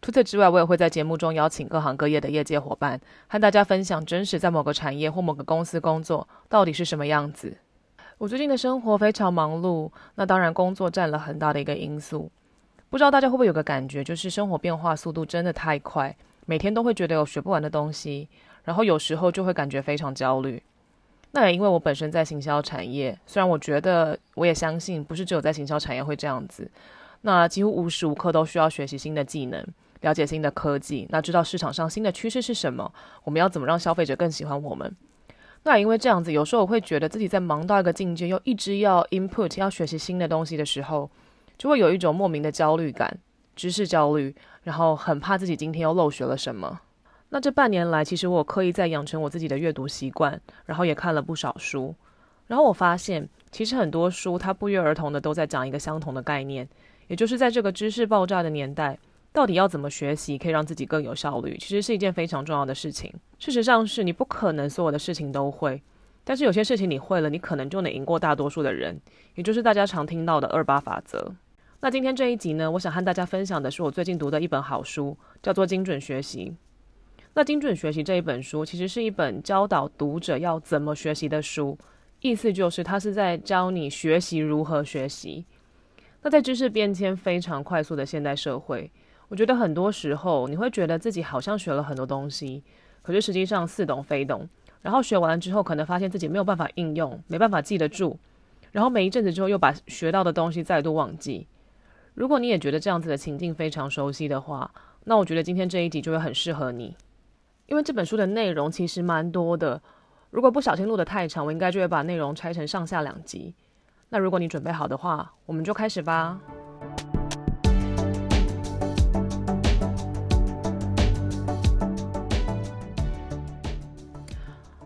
除此之外，我也會在節目中邀請各行各業的業界夥伴，和大家分享真實在某個產業或某個公司工作到底是什麼樣子。我最近的生活非常忙碌，那當然工作占了很大的一個因素。不知道大家會不會有個感覺，就是生活變化速度真的太快，每天都會覺得有學不完的東西，然後有時候就會感覺非常焦慮。那也因為我本身在行銷產業，雖然我覺得我也相信，不是只有在行銷產業會這樣子，那幾乎無時無刻都需要學習新的技能。了解新的科技，那知道市場上新的趨勢是什麼？我們要怎麼讓消費者更喜歡我們？那因為這樣子，有時候我會覺得自己在忙到一個境界，又一直要 input，要學習新的東西的時候，就會有一種莫名的焦慮感，知識焦慮，然後很怕自己今天又漏學了什麼。那這半年來，其實我刻意在養成我自己的閱讀習慣，然後也看了不少書，然後我發現，其實很多書它不約而同的都在講一個相同的概念，也就是在這個知識爆炸的年代。到底要怎麼學習可以讓自己更有效率？其實是一件非常重要的事情。事實上是，是你不可能所有的事情都會，但是有些事情你會了，你可能就能贏過大多數的人，也就是大家常聽到的二八法則。那今天這一集呢，我想和大家分享的是我最近讀的一本好書，叫做《精準學習》。那《精準學習》這一本書其實是一本教導讀者要怎麼學習的書，意思就是它是在教你學習如何學習。那在知識變遷非常快速的現代社會。我覺得很多時候，你會覺得自己好像學了很多東西，可是實際上似懂非懂。然後學完之後，可能發現自己沒有辦法應用，沒辦法記得住，然後每一陣子之後又把學到的東西再度忘記。如果你也覺得這樣子的情境非常熟悉的話，那我覺得今天這一集就會很適合你，因為這本書的內容其實蠻多的。如果不小心錄得太長，我應該就會把內容拆成上下兩集。那如果你準備好的話，我們就開始吧。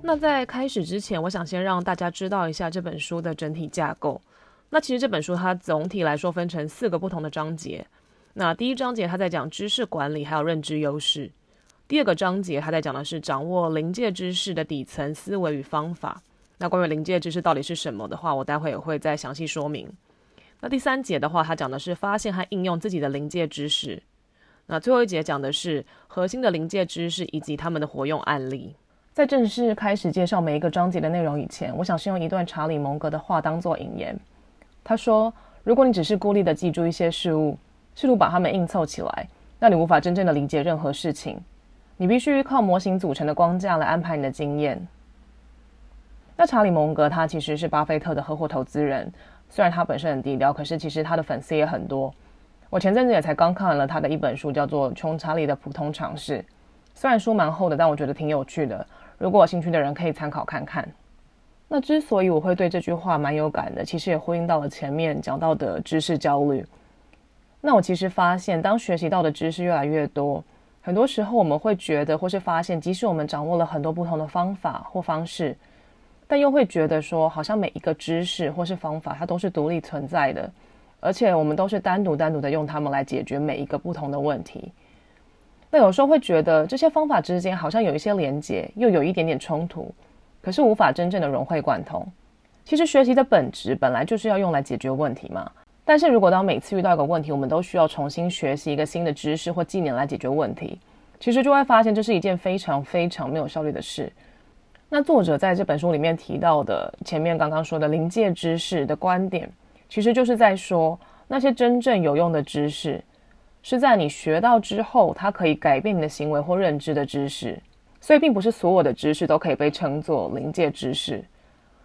那在開始之前，我想先讓大家知道一下這本書的整體架構。那其實這本書它總體來說分成四個不同的章節。那第一章節它在講知識管理還有認知優勢。第二個章節它在講的是掌握臨界知識的底層思維與方法。那關於臨界知識到底是什麼的話，我待會也會再詳細說明。那第三節的話，它講的是發現和應用自己的臨界知識。那最後一節講的是核心的臨界知識以及它們的活用案例。在正式開始介紹每一個章節的內容以前，我想先用一段查理·蒙格的話當做引言。他說：“如果你只是孤立地記住一些事物，試圖把它們硬湊起來，那你無法真正的理解任何事情。你必須靠模型組成的框架來安排你的經驗。”那查理·蒙格他其實是巴菲特的合夥投資人，雖然他本身很低調，可是其實他的粉絲也很多。我前陣子也才剛看完了他的一本書，叫做《窮查理的普通常識》，雖然書蠻厚的，但我覺得挺有趣的。如果有興趣的人可以參考看看。那之所以我會對這句話蠻有感的，其實也呼應到了前面講到的知識焦慮。那我其實發現，當學習到的知識越來越多，很多時候我們會覺得或是發現，即使我們掌握了很多不同的方法或方式，但又會覺得說，好像每一個知識或是方法它都是獨立存在的，而且我們都是單獨單獨的用它們來解決每一個不同的問題。那有時候會覺得這些方法之間好像有一些連接，又有一點點衝突，可是無法真正的融會貫通。其實學習的本質本來就是要用來解決問題嘛。但是如果當每次遇到一個問題，我們都需要重新學習一個新的知識或技能來解決問題，其實就會發現這是一件非常非常沒有效率的事。那作者在這本書裡面提到的前面剛剛說的臨界知識的觀點，其實就是在說那些真正有用的知識。是在你學到之後，它可以改變你的行為或認知的知識，所以並不是所有的知識都可以被稱作臨界知識。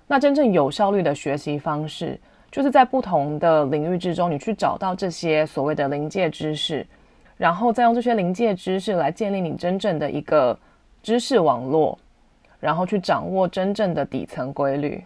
那真正有效率的學習方式，就是在不同的領域之中，你去找到這些所謂的臨界知識，然後再用這些臨界知識來建立你真正的一個知識網絡，然後去掌握真正的底層規律。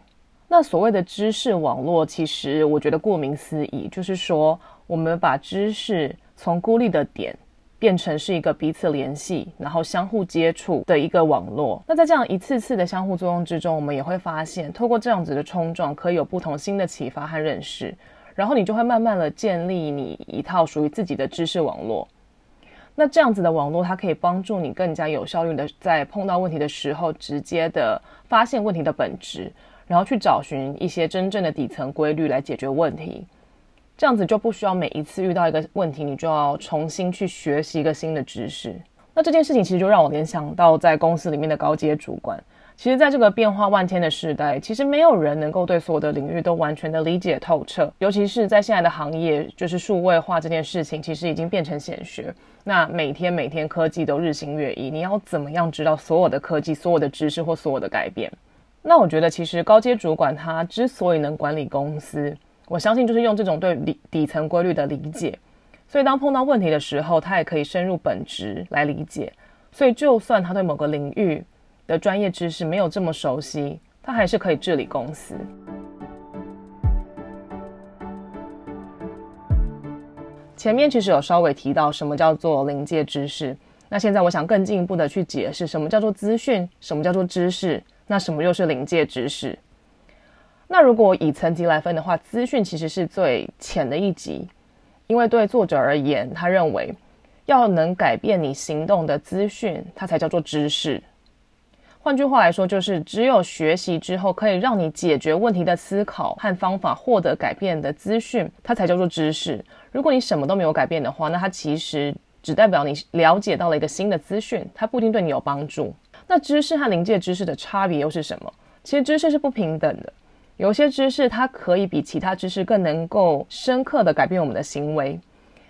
那所謂的知識網絡，其實我覺得顧名思義，就是說我們把知識，從孤立的點變成是一個彼此聯繫，然後相互接觸的一個網絡。那在這樣一次次的相互作用之中，我們也會發現，透過這樣子的衝撞，可以有不同新的啟發和認識。然後你就會慢慢的建立你一套屬於自己的知識網絡。那這樣子的網絡，它可以幫助你更加有效率的在碰到問題的時候，直接的發現問題的本質，然後去找尋一些真正的底層規律來解決問題。這樣子就不需要每一次遇到一個問題，你就要重新去學習一個新的知識。那這件事情其實就讓我聯想到在公司裡面的高階主管。其實，在這個變化萬千的時代，其實沒有人能夠對所有的領域都完全的理解透徹。尤其是在現在的行業，就是數位化這件事情，其實已經變成顯學。那每天每天科技都日新月異，你要怎麼樣知道所有的科技、所有的知識或所有的改變？那我覺得，其實高階主管他之所以能管理公司，我相信就是用這種對底底層規律的理解，所以當碰到問題的時候，他也可以深入本質來理解。所以就算他對某個領域的專業知識沒有這麼熟悉，他還是可以治理公司。前面其實有稍微提到什麼叫做臨界知識，那現在我想更進一步的去解釋什麼叫做資訊，什麼叫做知識，那什麼又是臨界知識？那如果以層級來分的話，資訊其實是最淺的一級，因為對作者而言，他認為要能改變你行動的資訊，它才叫做知識。換句話來說，就是只有學習之後可以讓你解決問題的思考和方法獲得改變的資訊，它才叫做知識。如果你什麼都沒有改變的話，那它其實只代表你了解到了一個新的資訊，它不一定對你有幫助。那知識和臨界知識的差別又是什麼？其實知識是不平等的。有些知識它可以比其他知識更能夠深刻的改變我們的行為。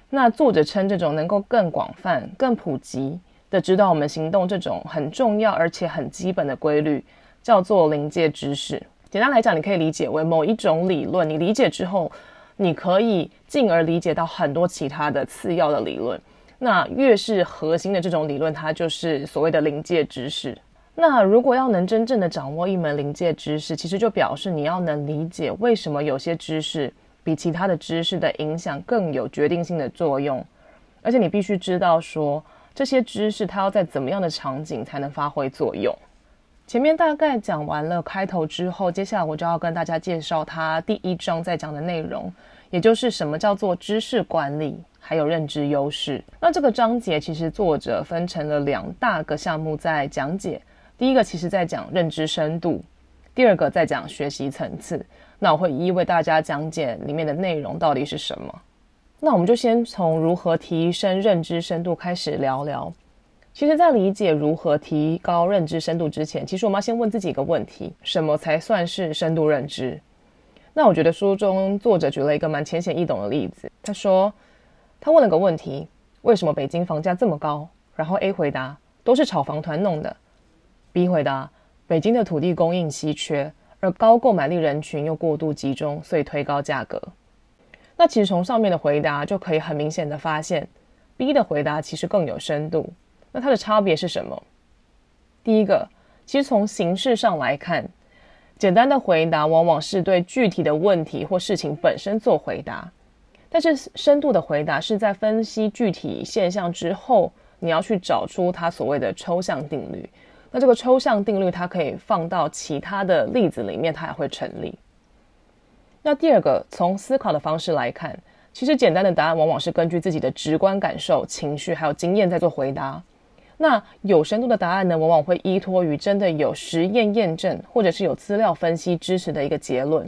那作者稱這種能夠更廣泛、更普及的指導我們行動這種很重要而且很基本的規律，叫做臨界知識。簡單來講，你可以理解為某一種理論，你理解之後，你可以進而理解到很多其他的次要的理論。那越是核心的這種理論，它就是所謂的臨界知識。那如果要能真正的掌握一門臨界知識，其實就表示你要能理解為什麼有些知識比其他的知識的影響更有決定性的作用，而且你必須知道說這些知識它要在怎麼樣的場景才能發揮作用。前面大概講完了開頭之後，接下來我就要跟大家介紹它第一章在講的內容，也就是什麼叫做知識管理，還有認知優勢。那這個章節其實作者分成了兩大個項目在講解。第一個其實在講認知深度，第二個在講學習層次。那我會一一為大家講解裡面的內容到底是什麼。那我們就先從如何提升認知深度開始聊聊。其實，在理解如何提高認知深度之前，其實我們要先問自己一個問題：什麼才算是深度認知？那我覺得書中作者舉了一個蠻淺顯易懂的例子。他說，他問了個問題：為什麼北京房價這麼高？然後 A 回答：都是炒房團弄的。B 回答：北京的土地供應稀缺，而高購買力人群又過度集中，所以推高價格。那其實從上面的回答就可以很明顯的發現，B 的回答其實更有深度。那它的差別是什麼？第一個，其實從形式上來看，簡單的回答往往是對具體的問題或事情本身做回答，但是深度的回答是在分析具體現象之後，你要去找出它所謂的抽象定律。那這個抽象定律，它可以放到其他的例子裡面，它也會成立。那第二個，從思考的方式來看，其實簡單的答案往往是根據自己的直觀感受、情緒還有經驗在做回答。那有深度的答案呢，往往會依托於真的有實驗驗證，或者是有資料分析支持的一個結論。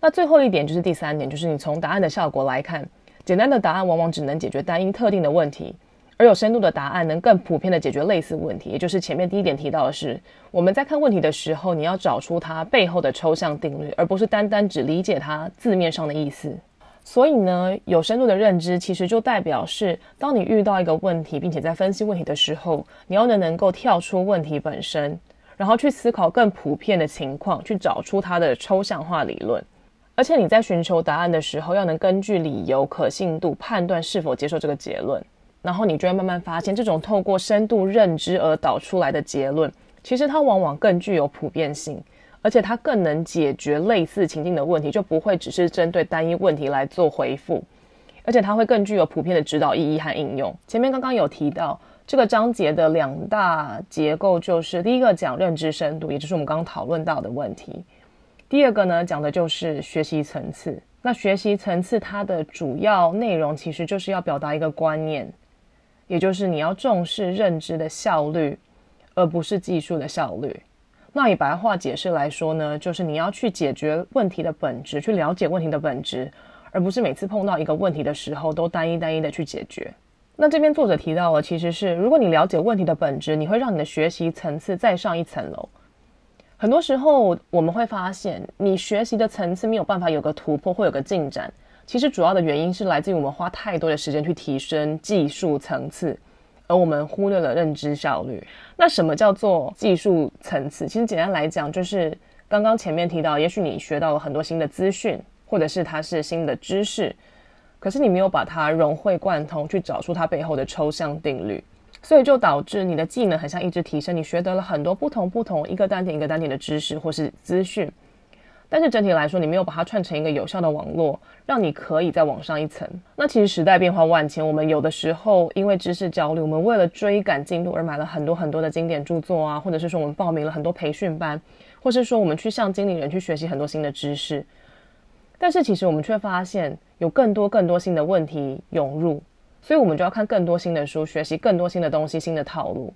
那最後一點就是第三點，就是你從答案的效果來看，簡單的答案往往只能解決單一特定的問題。而有深度的答案能更普遍地解決類似問題，也就是前面第一點提到的是，我們在看問題的時候，你要找出它背後的抽象定律，而不是單單只理解它字面上的意思。所以呢，有深度的認知其實就代表是，當你遇到一個問題，並且在分析問題的時候，你要能能夠跳出問題本身，然後去思考更普遍的情況，去找出它的抽象化理論。而且你在尋求答案的時候，要能根據理由可信度判斷是否接受這個結論。然後你就會慢慢發現，這種透過深度認知而導出來的結論，其實它往往更具有普遍性，而且它更能解決類似情境的問題，就不會只是針對單一問題來做回復，而且它會更具有普遍的指導意義和應用。前面剛剛有提到這個章節的兩大結構，就是第一個講認知深度，也就是我們剛剛討論到的問題；第二個呢，講的就是學習層次。那學習層次它的主要內容，其實就是要表達一個觀念。也就是你要重視認知的效率，而不是技術的效率。那以白話解釋來說呢，就是你要去解決問題的本質，去了解問題的本質，而不是每次碰到一個問題的時候都單一單一的去解決。那這邊作者提到了，其實是如果你了解問題的本質，你會讓你的學習層次再上一層樓。很多時候我們會發現，你學習的層次沒有辦法有個突破，或有個進展。其實主要的原因是來自於我們花太多的時間去提升技術層次，而我們忽略了認知效率。那什麼叫做技術層次？其實簡單來講，就是剛剛前面提到，也許你學到了很多新的資訊，或者是它是新的知識，可是你沒有把它融會貫通，去找出它背後的抽象定律，所以就導致你的技能很像一直提升，你學得了很多不同不同一個單點一個單點的知識或是資訊。但是整體來說，你沒有把它串成一個有效的網絡，讓你可以再往上一層。那其實時代變化萬千，我們有的時候因為知識焦慮，我們為了追趕進度而買了很多很多的經典著作啊，或者是說我們報名了很多培訓班，或是說我們去向經理人去學習很多新的知識。但是其實我們卻發現有更多更多新的問題湧入，所以我們就要看更多新的書，學習更多新的東西，新的套路。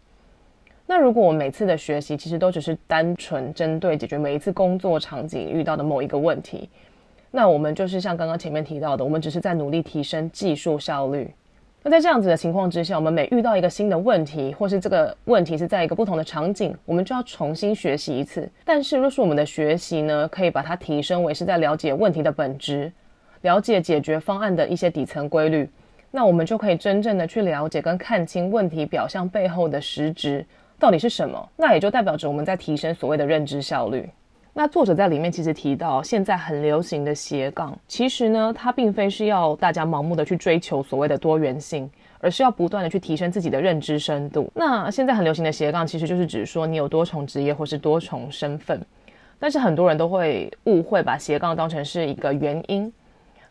那如果我每次的學習其實都只是單純針對解決每一次工作場景遇到的某一個問題，那我們就是像剛剛前面提到的，我們只是在努力提升技術效率。那在這樣子的情況之下，我們每遇到一個新的問題，或是這個問題是在一個不同的場景，我們就要重新學習一次。但是，若是我們的學習呢，可以把它提升為是在了解問題的本質，了解解決方案的一些底層規律，那我們就可以真正的去了解跟看清問題表象背後的實質。到底是什麼？那也就代表着我們在提升所謂的認知效率。那作者在裡面其實提到，現在很流行的斜槓，其實呢，它並非是要大家盲目的去追求所謂的多元性，而是要不斷的去提升自己的認知深度。那現在很流行的斜槓，其實就是指說你有多重職業或是多重身份，但是很多人都會誤會，把斜槓當成是一個原因。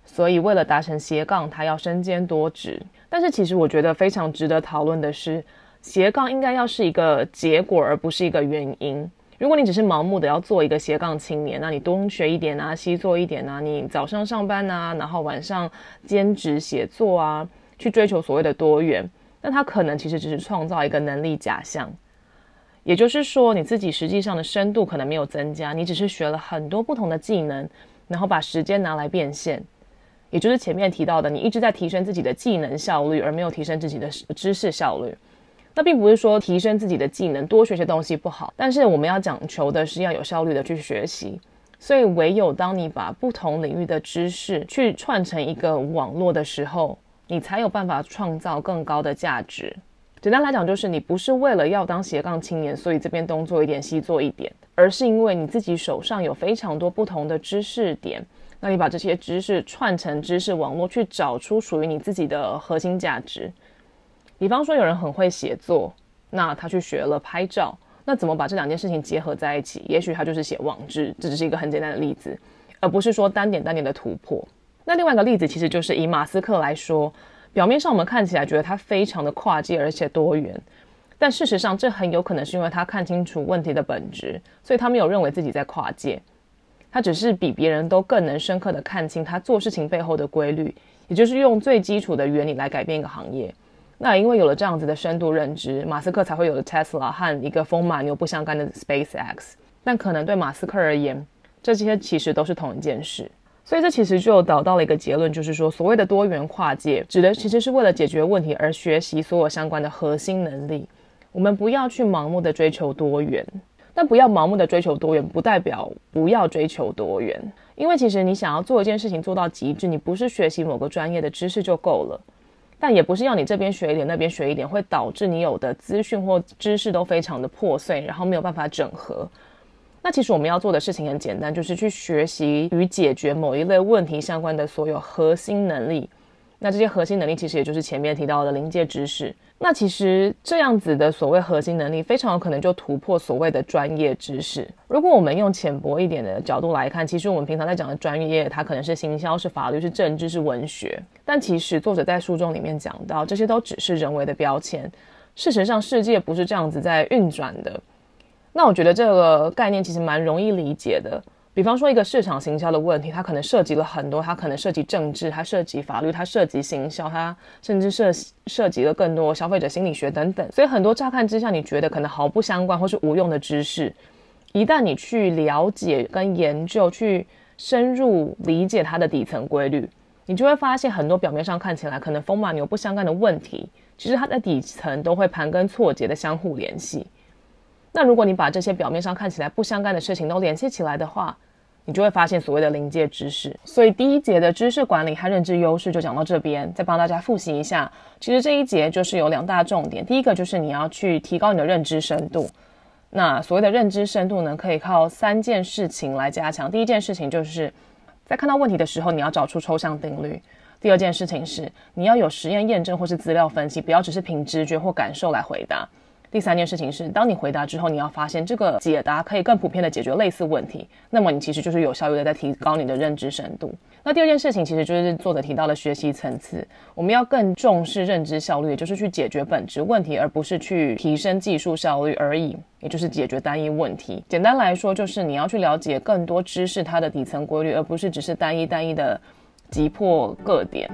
所以為了達成斜槓，他要身兼多職。但是其實我覺得非常值得討論的是。斜槓應該要是一個結果，而不是一個原因。如果你只是盲目的要做一個斜槓青年，那你東學一點啊，西做一點啊，你早上上班啊，然後晚上兼職寫作啊，去追求所謂的多元，那他可能其實只是創造一個能力假象。也就是說，你自己實際上的深度可能沒有增加，你只是學了很多不同的技能，然後把時間拿來變現。也就是前面提到的，你一直在提升自己的技能效率，而沒有提升自己的知識效率。那並不是說提升自己的技能、多學些東西不好，但是我們要講求的是要有效率的去學習。所以，唯有當你把不同領域的知識去串成一個網絡的時候，你才有辦法創造更高的價值。簡單來講，就是你不是為了要當斜槓青年，所以這邊東做一點，西做一點，而是因為你自己手上有非常多不同的知識點，那你把這些知識串成知識網絡，去找出屬於你自己的核心價值。比方說，有人很會寫作，那他去學了拍照，那怎麼把這兩件事情結合在一起？也許他就是寫網誌。這只是一個很簡單的例子，而不是說單點單點的突破。那另外一個例子其實就是以馬斯克來說，表面上我們看起來覺得他非常的跨界而且多元，但事實上這很有可能是因為他看清楚問題的本質，所以他沒有認為自己在跨界，他只是比別人都更能深刻地看清他做事情背後的規律，也就是用最基礎的原理來改變一個行業。那因為有了這樣子的深度認知，馬斯克才會有了 Tesla 和一個風馬牛不相干的 SpaceX。但可能對馬斯克而言，這些其實都是同一件事。所以這其實就導到了一個結論，就是說所謂的多元跨界，指的其實是為了解決問題而學習所有相關的核心能力。我們不要去盲目的追求多元，但不要盲目的追求多元，不代表不要追求多元。因為其實你想要做一件事情做到極致，你不是學習某個專業的知識就夠了。但也不是要你這邊學一點，那邊學一點，會導致你有的資訊或知識都非常的破碎，然後沒有辦法整合。那其實我們要做的事情很簡單，就是去學習與解決某一類問題相關的所有核心能力。那這些核心能力其實也就是前面提到的臨界知識。那其實這樣子的所謂核心能力，非常有可能就突破所謂的專業知識。如果我們用淺薄一點的角度來看，其實我們平常在講的專業，它可能是行銷、是法律、是政治、是文學。但其實作者在書中裡面講到，這些都只是人為的標籤。事實上，世界不是這樣子在運轉的。那我覺得這個概念其實蠻容易理解的。比方說一個市場行銷的問題，它可能涉及了很多，它可能涉及政治，它涉及法律，它涉及行銷，它甚至涉涉及了更多消費者心理學等等。所以很多乍看之下你覺得可能毫不相關或是無用的知識，一旦你去了解跟研究，去深入理解它的底層規律，你就會發現很多表面上看起來可能風馬牛不相干的問題，其實它在底層都會盤根錯節的相互聯繫。那如果你把這些表面上看起來不相干的事情都聯繫起來的話，你就會發現所謂的臨界知識，所以第一節的知識管理和認知優勢就講到這邊，再幫大家復習一下。其實這一節就是有兩大重點，第一個就是你要去提高你的認知深度。那所謂的認知深度呢，可以靠三件事情來加強。第一件事情就是在看到問題的時候，你要找出抽象定律；第二件事情是你要有實驗驗證或是資料分析，不要只是憑直覺或感受來回答。第三件事情是，當你回答之後，你要發現這個解答可以更普遍地解決類似問題，那麼你其實就是有效率地在提高你的認知深度。那第二件事情其實就是作者提到的學習層次，我們要更重視認知效率，也就是去解決本質問題，而不是去提升技術效率而已，也就是解決單一問題。簡單來說，就是你要去了解更多知識它的底層規律，而不是只是單一單一的擊破各點。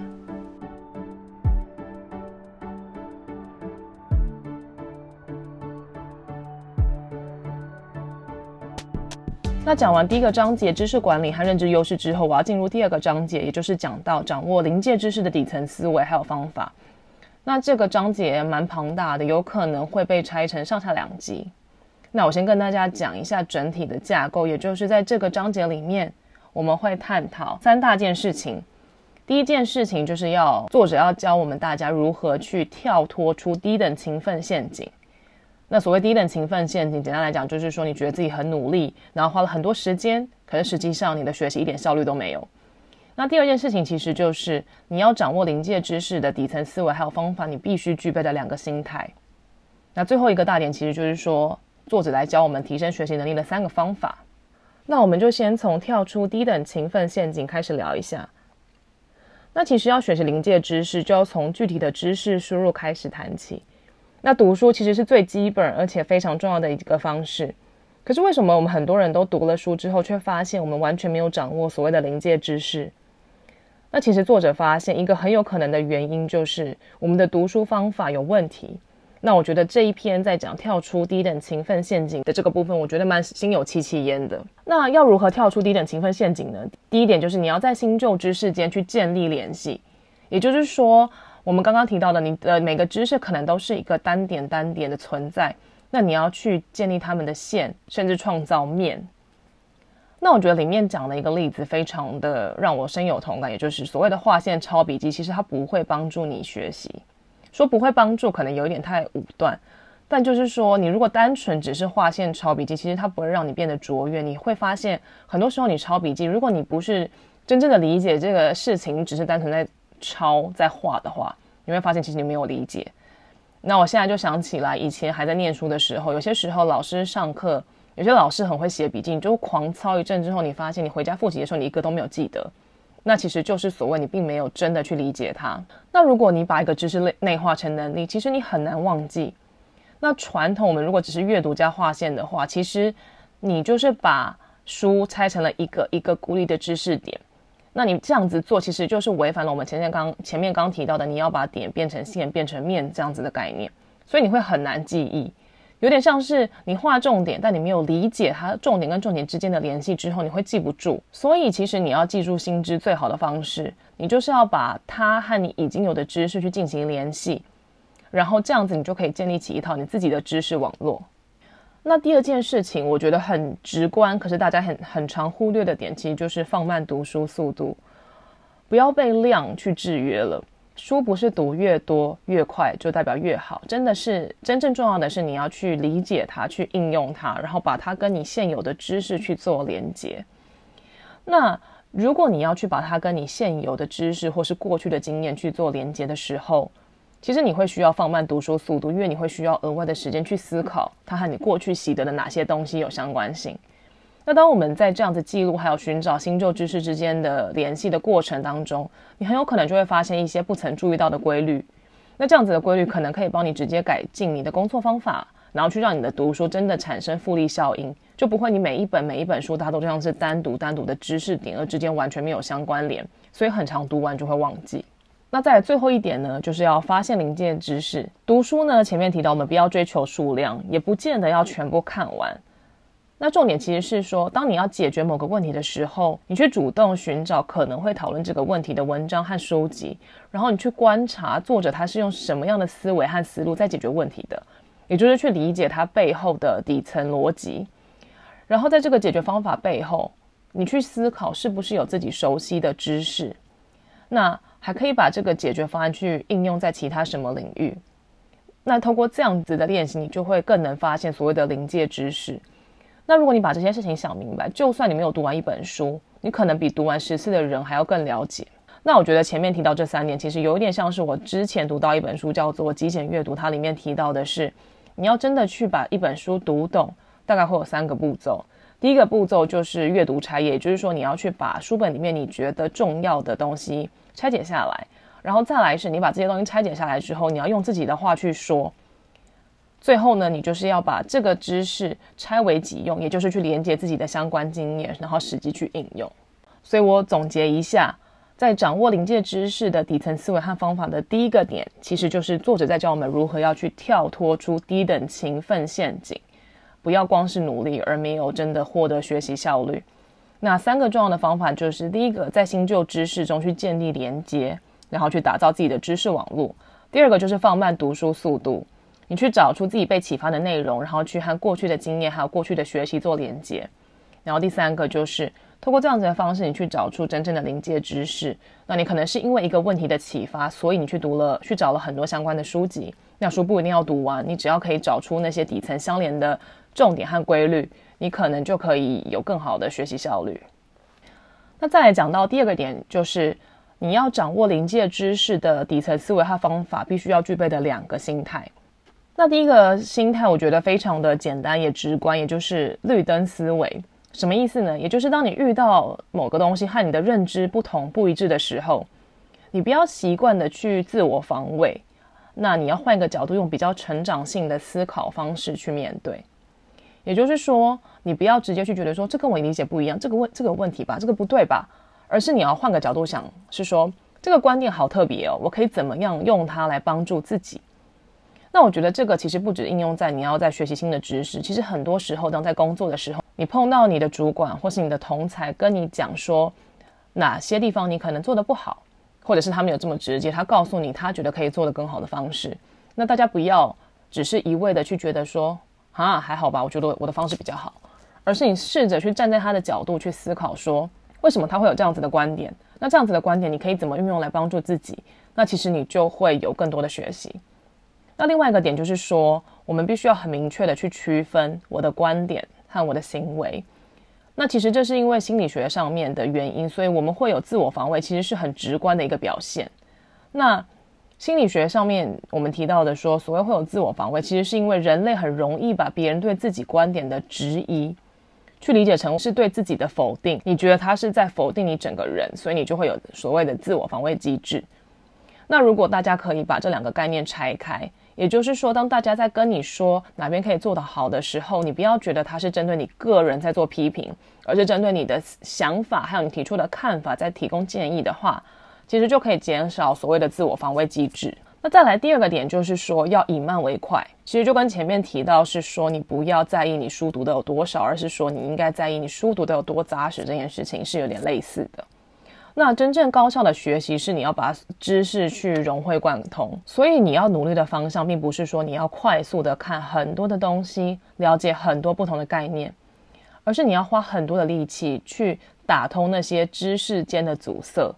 講完第一個章節知識管理和認知優勢之後，我要進入第二個章節，也就是講到掌握臨界知識的底層思維還有方法。那這個章節蠻龐大的，有可能會被拆成上下兩集。那我先跟大家講一下整體的架構，也就是在這個章節裡面，我們會探討三大件事情。第一件事情就是要作者要教我們大家如何去跳脫出低等勤奮陷阱。那所謂低等勤奮陷阱，簡單來講就是說，你覺得自己很努力，然後花了很多時間，可是實際上你的學習一點效率都沒有。那第二件事情其實就是你要掌握臨界知識的底層思維，還有方法，你必須具備的兩個心態。那最後一個大點其實就是說，作者來教我們提升學習能力的三個方法。那我們就先從跳出低等勤奮陷阱開始聊一下。那其實要學習臨界知識，就要從具體的知識輸入開始談起。那讀書其實是最基本而且非常重要的一個方式，可是為什麼我們很多人都讀了書之後，卻發現我們完全沒有掌握所謂的臨界知識？那其實作者發現一個很有可能的原因就是我們的讀書方法有問題。那我覺得這一篇在講跳出低等勤奮陷阱的這個部分，我覺得蠻心有戚戚焉的。那要如何跳出低等勤奮陷阱呢？第一點就是你要在新舊知識間去建立聯繫，也就是說。我們剛剛提到的，你的每個知識可能都是一個單點、單點的存在。那你要去建立他們的線，甚至創造面。那我覺得裡面講了一個例子，非常的讓我深有同感，也就是所謂的畫線抄筆記，其實它不會幫助你學習。說不會幫助，可能有一點太武斷。但就是說，你如果單純只是畫線抄筆記，其實它不會讓你變得卓越。你會發現，很多時候你抄筆記，如果你不是真正的理解這個事情，只是單純在。抄在畫的話，你會發現其實你沒有理解。那我現在就想起來，以前還在念書的時候，有些時候老師上課，有些老師很會寫筆記，你就狂抄一陣之後，你發現你回家複習的時候，你一個都沒有記得。那其實就是所謂你並沒有真的去理解它。那如果你把一個知識類內化成能力，其實你很難忘記。那傳統我們如果只是閱讀加劃線的話，其實你就是把書拆成了一個一個孤立的知識點。那你這樣子做，其實就是違反了我們前面剛前面剛提到的，你要把點變成線，變成面這樣子的概念，所以你會很難記憶，有點像是你畫重點，但你沒有理解它重點跟重點之間的聯繫之後，你會記不住。所以其實你要記住新知最好的方式，你就是要把它和你已經有的知識去進行聯繫，然後這樣子你就可以建立起一套你自己的知識網絡。那第二件事情，我覺得很直觀，可是大家很很常忽略的點，其實就是放慢讀書速度，不要被量去制約了。書不是讀越多越快就代表越好，真的是真正重要的是你要去理解它，去應用它，然後把它跟你現有的知識去做連接。那如果你要去把它跟你現有的知識或是過去的經驗去做連接的時候，其實你會需要放慢讀書速度，因為你會需要額外的時間去思考它和你過去習得的哪些東西有相關性。那當我們在這樣子記錄還有尋找新舊知識之間的聯繫的過程當中，你很有可能就會發現一些不曾注意到的規律。那這樣子的規律可能可以幫你直接改進你的工作方法，然後去讓你的讀書真的產生複利效應，就不會你每一本每一本書它都這樣子單獨單獨的知識點，而之間完全沒有相關聯，所以很常讀完就會忘記。那在最後一點呢，就是要發現臨界知識。讀書呢，前面提到我們不要追求數量，也不見得要全部看完。那重點其實是說，當你要解決某個問題的時候，你去主動尋找可能會討論這個問題的文章和書籍，然後你去觀察作者他是用什麼樣的思維和思路在解決問題的，也就是去理解他背後的底層邏輯。然後在這個解決方法背後，你去思考是不是有自己熟悉的知識，那。還可以把這個解決方案去應用在其他什麼領域？那通過這樣子的練習，你就會更能發現所謂的臨界知識。那如果你把這些事情想明白，就算你沒有讀完一本書，你可能比讀完十次的人還要更了解。那我覺得前面提到這三點，其實有一點像是我之前讀到一本書叫做《極簡閱讀》，它裡面提到的是，你要真的去把一本書讀懂，大概會有三個步驟。第一個步驟就是閱讀拆頁，也就是說你要去把書本裡面你覺得重要的東西拆解下來，然後再來是你把這些東西拆解下來之後，你要用自己的話去說。最後呢，你就是要把這個知識拆為己用，也就是去連接自己的相關經驗，然後實際去應用。所以我總結一下，在掌握臨界知識的底層思維和方法的第一個點，其實就是作者在教我們如何要去跳脫出低等勤奮陷阱。不要光是努力而沒有真的獲得學習效率。那三個重要的方法就是：第一個，在新舊知識中去建立連接，然後去打造自己的知識網絡；第二個就是放慢讀書速度，你去找出自己被啟發的內容，然後去和過去的經驗還有過去的學習做連接；然後第三個就是通過這樣子的方式，你去找出真正的臨界知識。那你可能是因為一個問題的啟發，所以你去讀了去找了很多相關的書籍。那書不一定要讀完，你只要可以找出那些底層相連的。重點和規律，你可能就可以有更好的學習效率。那再來講到第二個點，就是你要掌握臨界知識的底層思維和方法，必須要具備的兩個心態。那第一個心態，我覺得非常的簡單也直觀，也就是綠燈思維。什麼意思呢？也就是當你遇到某個東西和你的認知不同、不一致的時候，你不要習慣的去自我防衛，那你要換一個角度，用比較成長性的思考方式去面對。也就是說，你不要直接去覺得說，這跟我理解不一樣，這個問，這個問題吧，這個不對吧？而是你要換個角度想，是說這個觀念好特別哦，我可以怎麼樣用它來幫助自己？那我覺得這個其實不止應用在你要在學習新的知識，其實很多時候當在工作的時候，你碰到你的主管或是你的同才跟你講說哪些地方你可能做得不好，或者是他沒有這麼直接，他告訴你他覺得可以做得更好的方式，那大家不要只是一味的去覺得說，啊，還好吧，我覺得我的方式比較好，而是你試着去站在他的角度去思考說，說為什麼他會有這樣子的觀點？那這樣子的觀點你可以怎麼運用來幫助自己？那其實你就會有更多的學習。那另外一個點就是說，我們必須要很明確的去區分我的觀點和我的行為，那其實這是因為心理學上面的原因，所以我們會有自我防衛，其實是很直觀的一個表現。那心理學上面我們提到的說，所謂會有自我防衛，其實是因為人類很容易把別人對自己觀點的質疑，去理解成是對自己的否定。你覺得他是在否定你整個人，所以你就會有所謂的自我防衛機制。那如果大家可以把這兩個概念拆開，也就是說，當大家在跟你說哪邊可以做得好的時候，你不要覺得他是針對你個人在做批評，而是針對你的想法還有你提出的看法在提供建議的話。其實就可以減少所謂的自我防衛機制。那再來第二個點就是說，要以慢為快。其實就跟前面提到是說，你不要在意你書讀的有多少，而是說你應該在意你書讀的有多扎實，這件事情是有點類似的。那真正高效的學習是你要把知識去融會貫通，所以你要努力的方向並不是說你要快速的看很多的東西，了解很多不同的概念，而是你要花很多的力氣去打通那些知識間的阻塞。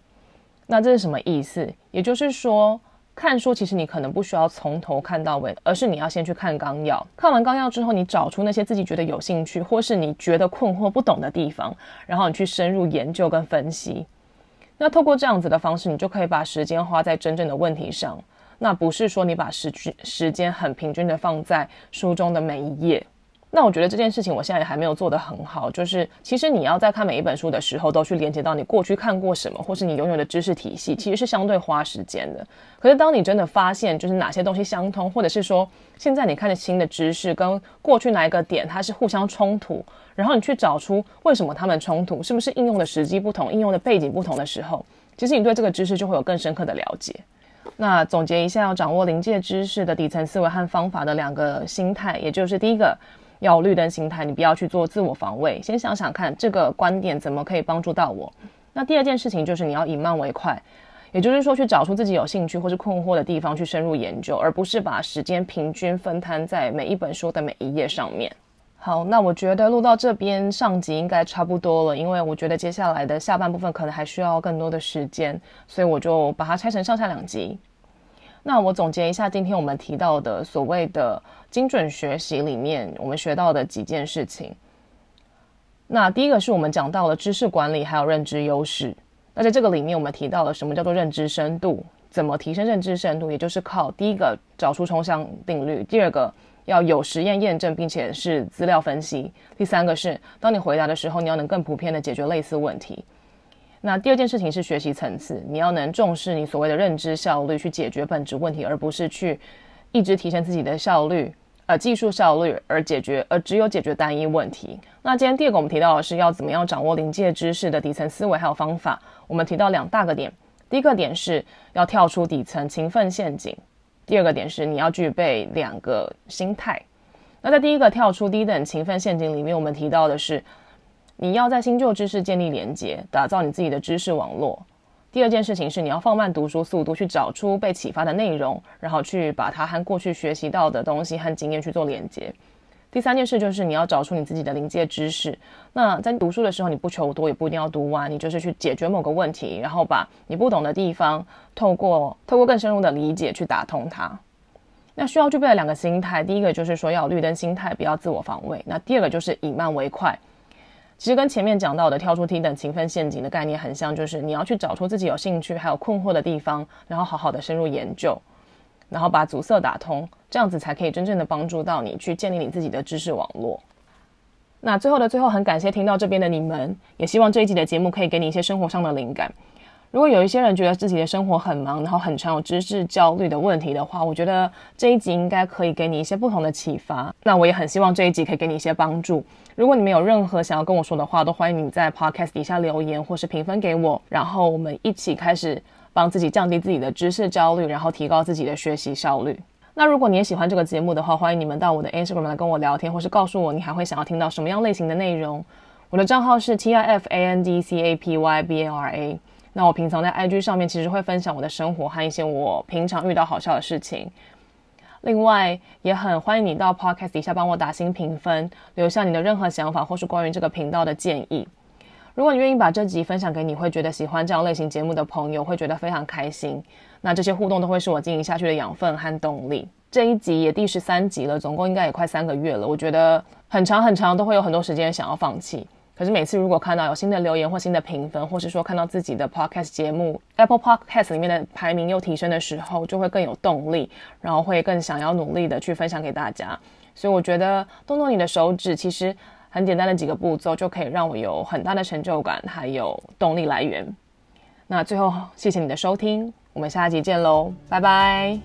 那這是什麼意思？也就是說，看書其實你可能不需要從頭看到尾，而是你要先去看綱要。看完綱要之後，你找出那些自己覺得有興趣，或是你覺得困惑不懂的地方，然後你去深入研究跟分析。那透過這樣子的方式，你就可以把時間花在真正的問題上。那不是說你把時時間很平均的放在書中的每一頁。但我覺得這件事情我現在也還沒有做得很好，就是其實你要在看每一本書的時候，都去連接到你過去看過什麼，或是你擁有的知識體系，其實是相對花時間的。可是當你真的發現，就是哪些東西相通，或者是說現在你看的新的知識跟過去哪一個點它是互相衝突，然後你去找出為什麼它們衝突，是不是應用的時機不同，應用的背景不同的時候，其實你對這個知識就會有更深刻的了解。那總結一下，要掌握臨界知識的底層思維和方法的兩個心態，也就是第一個。要綠燈心態，你不要去做自我防衛，先想想看這個觀點怎麼可以幫助到我。那第二件事情就是你要以慢為快，也就是說去找出自己有興趣或是困惑的地方去深入研究，而不是把時間平均分攤在每一本書的每一頁上面。好，那我覺得錄到這邊上集應該差不多了，因為我覺得接下來的下半部分可能還需要更多的時間，所以我就把它拆成上下兩集。那我總結一下今天我們提到的所謂的。精準學習裡面，我們學到的幾件事情。那第一個是我們講到了知識管理，還有認知優勢。那在這個裡面，我們提到了什麼叫做認知深度？怎麼提升認知深度？也就是靠第一個找出抽象定律，第二個要有實驗驗證，並且是資料分析。第三個是，當你回答的時候，你要能更普遍的解決類似問題。那第二件事情是學習層次，你要能重視你所謂的認知效率，去解決本質問題，而不是去。一直提升自己的效率，呃，技術效率而解決，而只有解決單一問題。那今天第二個我們提到的是要怎麼樣掌握臨界知識的底層思維還有方法。我們提到兩大個點，第一個點是要跳出底層勤奮陷阱，第二個點是你要具備兩個心態。那在第一個跳出低等勤奮陷阱裡面，我們提到的是你要在新舊知識建立連接，打造你自己的知識網絡。第二件事情是，你要放慢讀書速度，去找出被啟發的內容，然後去把它和過去學習到的東西和經驗去做連接。第三件事就是，你要找出你自己的臨界知識。那在讀書的時候，你不求多，也不一定要讀完，你就是去解決某個問題，然後把你不懂的地方，透過透過更深入的理解去打通它。那需要具備的兩個心態，第一個就是說要有綠燈心態，不要自我防衛；那第二個就是以慢為快。其實跟前面講到的跳出低等勤奮陷阱的概念很像，就是你要去找出自己有興趣還有困惑的地方，然後好好的深入研究，然後把阻塞打通，這樣子才可以真正的幫助到你去建立你自己的知識網絡。那最後的最後，很感謝聽到這邊的你們，也希望這一集的節目可以給你一些生活上的靈感。如果有一些人覺得自己的生活很忙，然後很常有知識焦慮的問題的話，我覺得這一集應該可以給你一些不同的啟發。那我也很希望這一集可以給你一些幫助。如果你們有任何想要跟我說的話，都歡迎你在 Podcast 底下留言或是評分給我，然後我們一起開始幫自己降低自己的知識焦慮，然後提高自己的學習效率。那如果你也喜歡這個節目的話，歡迎你們到我的 Instagram 來跟我聊天，或是告訴我你還會想要聽到什麼樣類型的內容。我的賬號是 T I F A N D C A P Y B A R A。那我平常在 IG 上面其實會分享我的生活和一些我平常遇到好笑的事情。另外，也很歡迎你到 Podcast 底下幫我打星評分，留下你的任何想法或是關於這個頻道的建議。如果你願意把這集分享給你會覺得喜歡這樣類型節目的朋友，會覺得非常開心。那這些互動都會是我經營下去的養分和動力。這一集也第十三集了，總共應該也快三個月了。我覺得很長很長都會有很多時間想要放棄。可是每次如果看到有新的留言或新的評分，或是說看到自己的 podcast 節目 Apple Podcast 裡面的排名又提升的時候，就會更有動力，然後會更想要努力的去分享給大家。所以我覺得動動你的手指，其實很簡單的幾個步驟就可以讓我有很大的成就感，還有動力來源。那最後，謝謝你的收聽，我們下一集見嘍，拜拜。